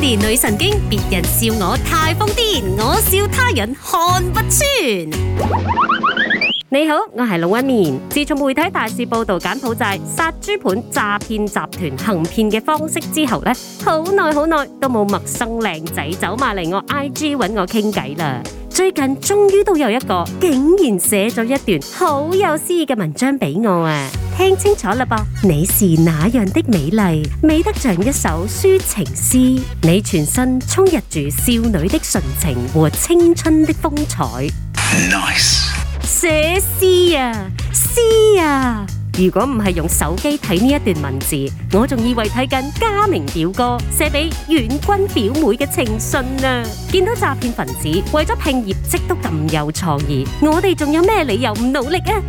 女神經，別人笑我太瘋癲，我笑他人看不穿。你好，我係龍紋敏。自從媒體大肆報道柬埔寨、殺豬盤詐騙集團行騙嘅方式之後咧，好耐好耐都冇陌生靚仔走埋嚟我 I G 搵我傾偈啦。最近終於都有一個，竟然寫咗一段好有詩意嘅文章俾我啊！聽清楚啦噃， 你是那樣的美麗，美得像一首抒情詩，你全身充溢住少女的純情和青春的風采。Nice，寫詩啊，詩啊。如果唔係用手機睇呢一段文字，我仲以為睇緊家明表哥寫俾遠君表妹嘅情信啊！見到詐騙分子為咗拼業績都咁有創意，我哋仲有咩理由唔努力啊？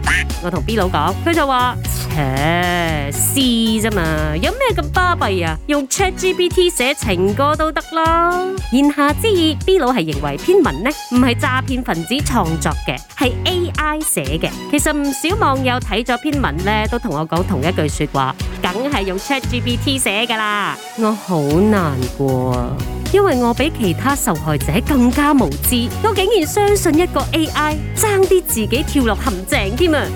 我同 B 佬講，佢就話：切，詩啫嘛，有咩咁巴閉啊？用 ChatGPT 寫情歌都得啦。言下之意，B 佬係認為篇文呢唔係詐騙分子創作嘅，係 A。寫嘅，其實唔少網友睇咗篇文咧，都同我講同一句說話，梗係用 ChatGPT 寫噶啦。B T、我好難過，因為我比其他受害者更加無知，我竟然相信一個 AI，爭啲自己跳落陷阱添啊！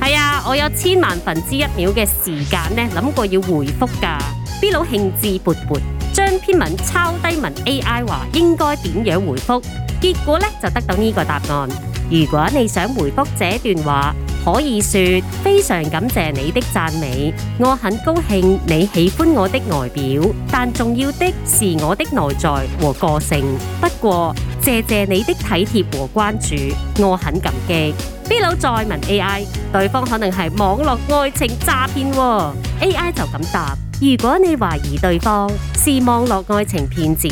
係 啊，我有千萬分之一秒嘅時間呢，諗過要回覆噶。B 佬 l 興致勃勃。篇文抄低文 A I 話應該點樣回覆？結果呢就得到呢個答案。如果你想回覆這段話，可以說非常感謝你的讚美，我很高興你喜歡我的外表，但重要的是我的內在和個性。不過謝謝你的體貼和關注，我很感激。呢度再問 A I，對方可能係網絡愛情詐騙喎。AI 就咁答。如果你懷疑對方是網絡愛情騙子，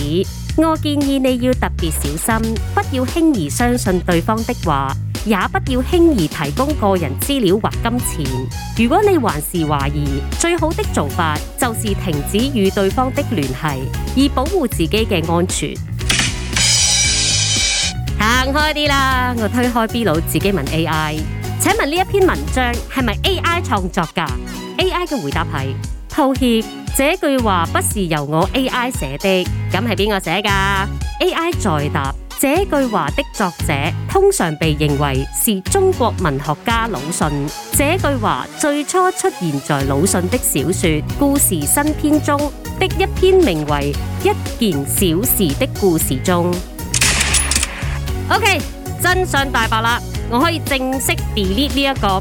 我建議你要特別小心，不要輕易相信對方的話，也不要輕易提供個人資料或金錢。如果你還是懷疑，最好的做法就是停止與對方的聯繫，以保護自己嘅安全。行開啲啦！我推開 Bill 自己問 AI：請問呢一篇文章係咪 AI 創作噶？AI 嘅回答係：抱歉，這句話不是由我 AI 寫的，咁係邊個寫噶？AI 再答：這句話的作者通常被認為是中國文學家魯迅。這句話最初出現在魯迅的小說《故事新編》中的一篇名為《一件小事》的故事中。OK，真相大白啦，我可以正式 delete 呢一個。